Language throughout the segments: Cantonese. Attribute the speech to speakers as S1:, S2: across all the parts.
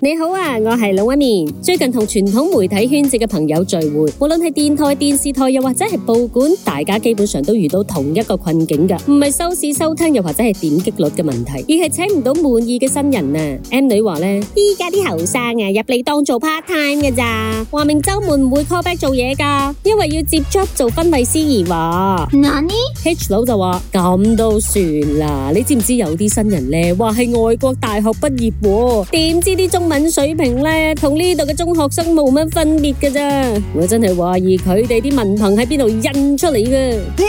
S1: 你好啊，我係老一年。最近同傳統媒體圈子嘅朋友聚會，無論係電台、電視台又或者係報館，大家基本上都遇到同一個困境噶，唔係收視收聽又或者係點擊率嘅問題，而係請唔到滿意嘅新人啊。M 女話呢：「依家啲後生啊，入嚟當做 part time 嘅咋，話明周末唔會 call back 做嘢噶，因為要接 job 做婚禮司儀喎。n a n H 老就話咁都算啦，你知唔知有啲新人呢？話係外國大學畢業，點知啲中文水平呢，同呢度嘅中學生冇乜分別嘅咋，我真係懷疑佢哋啲文憑喺邊度印出嚟㗎。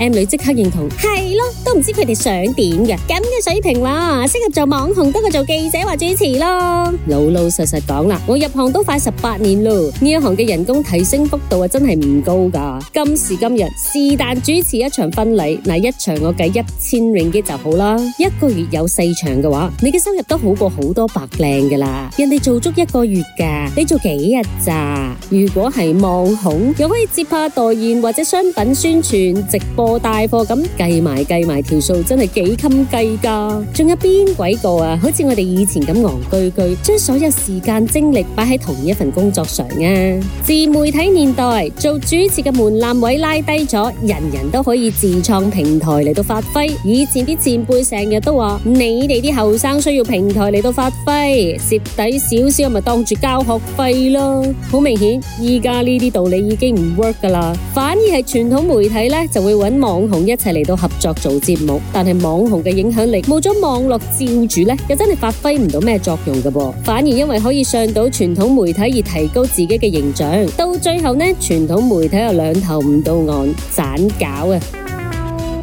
S1: M 女即刻認同，係咯，都唔知佢哋想點嘅，咁嘅水平話，適合做網紅多過做記者或主持咯。老老實實講啦，我入行都快十八年咯，呢一行嘅人工提升幅度啊，真係唔高噶。今時今日，是但主持一場婚禮，嗱一場我計一千令吉就好啦，一個月有四場嘅話，你嘅收入都好過好多白領噶啦。人哋做足一個月噶，你做幾日咋？如果係網紅，又可以接下代言或者商品宣傳直播。大貨咁計埋計埋條數真係幾襟計噶，仲有邊鬼個啊？好似我哋以前咁戇居居，將所有時間精力擺喺同一份工作上啊！自媒體年代做主持嘅門檻位拉低咗，人人都可以自創平台嚟到發揮。以前啲前輩成日都話：你哋啲後生需要平台嚟到發揮，蝕底少少咪當住交學費咯。好明顯，依家呢啲道理已經唔 work 噶啦，反而係傳統媒體咧就會搵，網紅一齊嚟到合作做節目，但係網紅嘅影響力冇咗網絡罩住咧，又真係發揮唔到咩作用㗎喎，反而因為可以上到傳統媒體而提高自己嘅形象，到最後咧，傳統媒體又兩頭唔到岸，散搞啊！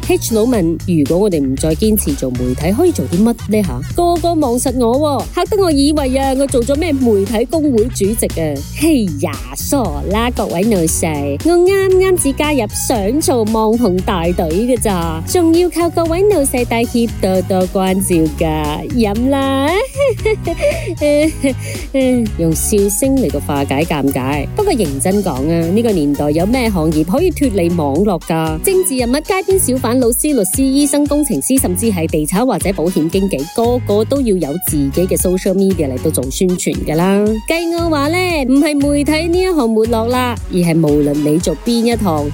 S1: H 老問：如果我哋唔再堅持做媒體，可以做啲乜咧吓？個個望實我，吓得我以為啊，我做咗咩媒體公會主席啊！哎呀，傻啦，各位女士，我啱啱只加入想做網紅大隊嘅咋，仲要靠各位女士大協多多關照噶，飲啦，用笑聲嚟個化解尷尬。不過認真講啊，呢個年代有咩行業可以脫離網絡噶？政治人物、街邊小販。老師、律師，醫生，工程師，甚至係地產或者保險經紀，個個都要有自己嘅 social media 嚟到做宣傳㗎喇。計我話呢，唔係媒體呢一行沒落啦，而係無論你做邊一行，